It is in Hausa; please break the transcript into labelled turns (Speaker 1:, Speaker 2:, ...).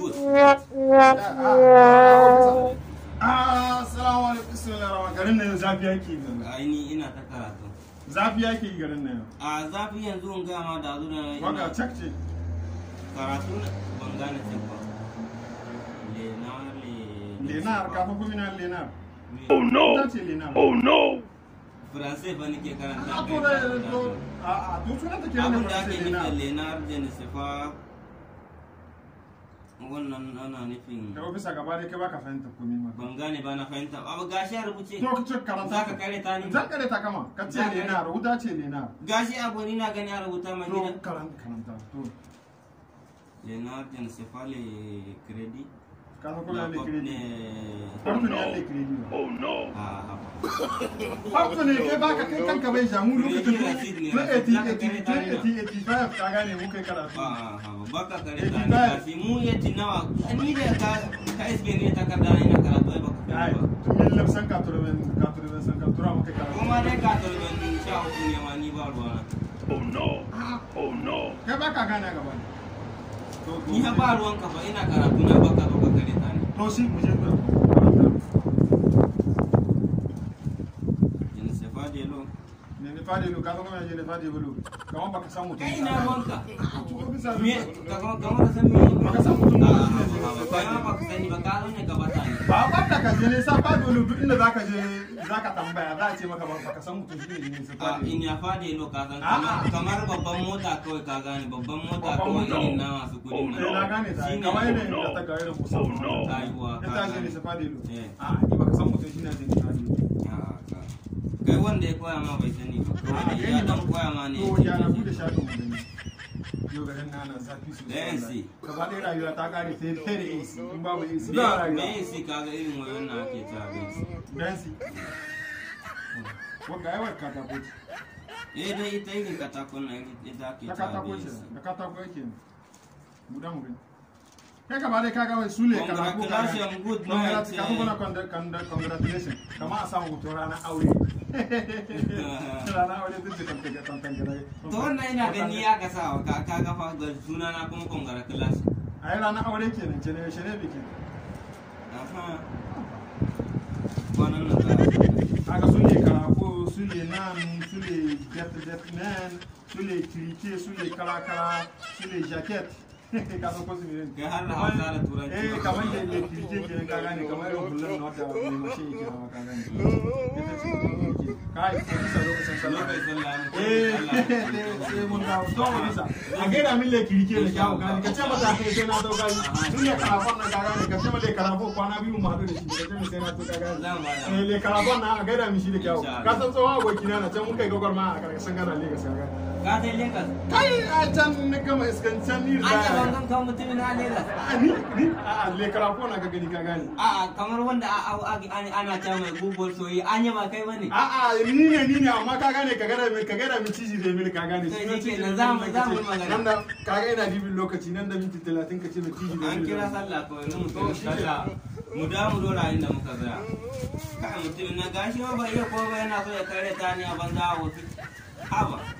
Speaker 1: good. Assalamu garin zafi yanzu. ta karatu. garin A in da zuwa. Waka ce. Karatu ban gane check ba. Lenar Lenar ka fa kuma Lenar. Oh no. Oh no. Faransai ba ke karanta. Ah, a da a to Abin da ake nufi Lenar Jennifer wannan ana nufin ga a gaba dai kai baka fahimta komai ma ban gane ba na fahimta abu gashi a rubuce to kace karanta ka kare ta ne zan kare ta kama ka ne na rubuta ce ne na gashi abu ni na gani a rubuta ma gina to karanta karanta to Leonardo se fale credit Caso con la de credit. Oh no. Ah. Hafta ne kai baka kai ka bai shamu lokacin na ka gane mu kai karatu. Baka kare da ni mu ya tinawa ni da ka ka isbe ne ta kada ina karatu e ba. baka kai e ba. Min lafsan ka turben ka turben san ka tura mu kai karatu. Kuma dai ka turben ni sha hudu ne ma ni ba ruwa. Oh no. Ah. Oh no. Kai baka gane gaba. Ni ba ruwan ka ba ina karatu na baka baka kare da ni. To shi mu je fadelu ne ne fadelu ka kuma je ne fadelu ina wanka ka ba gwamna ka je nisa fadi duk inda za je za tambaya za a ce maka ba ka san mutum shi ne nisa fadi in ya fadi no ka san kamar babban mota kawai ka gane babban mota kawai irin na masu kudin nan na gane ta kamar yadda ya ta gare da kusa rayuwa ka gane nisa fadi no eh. a ni ba ka san mutum shi ne nisa fadi kai wanda ya koya ma bai sani ba ya dan koya ma ne ya na, da shafin
Speaker 2: yau garin na ta kare sai sai
Speaker 1: na ake ta abinci yansi wanda katako ce eh, ita irin katakon kai kama dai kaga su ne karatu congratulations good night kafin kuna congratulations kama a samu hoto ranar aure ranar aure tun ce tamtaka tamtaka to wannan yana gani ya gasa wa kaka kafa ga suna na kuma congratulations a yi ranar aure kenan ce ne yaushe ne bikin kwanan nan aka su ne karako su ne nan su jet jet man su ne kirike su ne karakara jacket ka san ko a kai har da da kai to a min le kirje ka na ka kwana biyu a na can a Ka dai Legas. Kai a can na gama iskancan ni da. An yi kan mutumin na Legas. A ni ni a lekara ko na ka gani ka gani. A a kamar wanda a a ana cewa mai guguwar soyi an yi ba kai bane. A a ni ne ni ne amma ka gane ka gane mai ka gane mai ciji da mini ka gane. To shi ke nan za mu za mu magana. Nan da ka ga ina dibin lokaci nan da minti talatin ka ce mai ciji da mini. An kira sallah ko yanzu mu kira sallah. Mu da mu dora inda muka tsaya. Kai mutumin na gashi ba iya ko ba yana so ya kare ta ni a banza a wasu.